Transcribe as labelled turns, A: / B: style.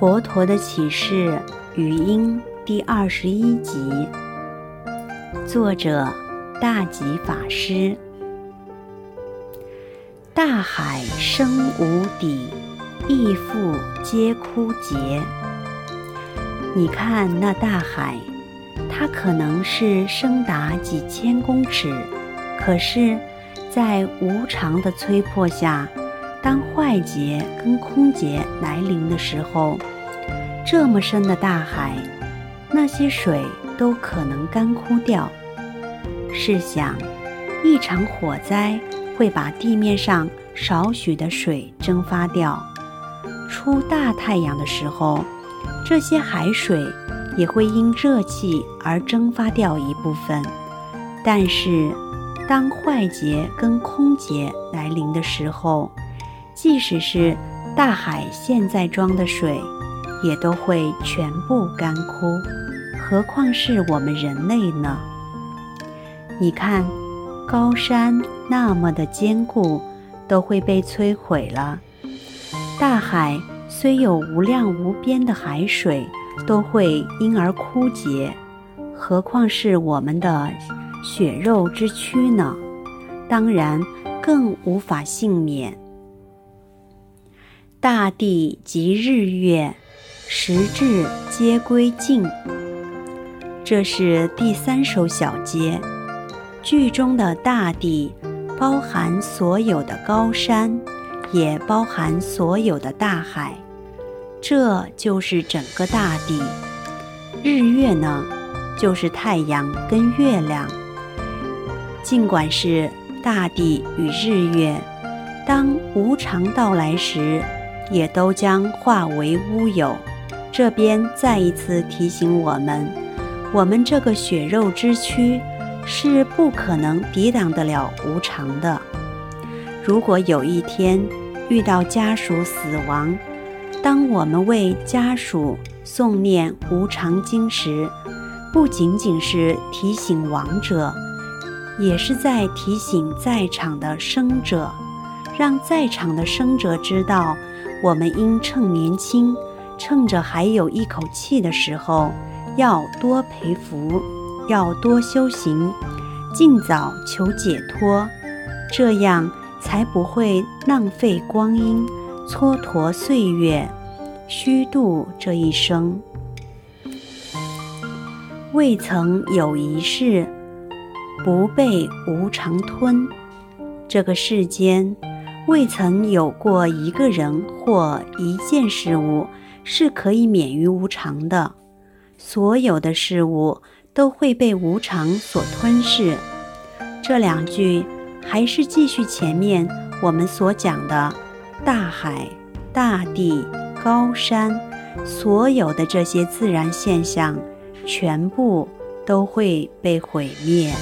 A: 佛陀的啟示語音第二十一集，作者大寂法師。大海深無底，亦復皆枯竭。你看那大海，它可能是深達幾千公尺，可是，在無常的催迫下，當壞劫跟空劫來臨的時候，這麼深的大海，那些水都可能乾枯掉。試想，一場火災會把地面上少許的水蒸發掉；出大太陽的時候，這些海水也會因熱氣而蒸發掉一部分。但是，當壞劫跟空劫來臨的時候，即使是大海現在裝的水，也都會全部乾枯，何況是我們人類呢？你看，高山那麼的堅固，都會被摧毀了；大海雖有無量無邊的海水，都會因而枯竭，何況是我們的血肉之軀呢？當然，更無法幸免。大地及日月。時至皆歸盡，這是第三首小偈。句中的大地包含所有的高山，也包含所有的大海，這就是整個大地。日月呢，就是太陽跟月亮。儘管是大地與日月，當無常到來時，也都將化為烏有。這邊再一次提醒我們，我們這個血肉之軀是不可能抵擋得了無常的。如果有一天遇到家屬死亡，當我們為家屬誦念無常經時，不僅僅是提醒亡者，也是在提醒在場的生者，讓在場的生者知道，我們應趁年輕。趁着還有一口氣的時候，要多培福，要多修行，盡早求解脫，這樣才不會浪費光陰、蹉跎歲月、虛度這一生。未曾有一事不被無常吞，這個世間未曾有過一個人或一件事物，是可以免於無常的，所有的事物都會被無常所吞噬。這兩句還是繼續前面我們所講的：大海、大地、高山，所有的這些自然現象，全部都會被毀滅。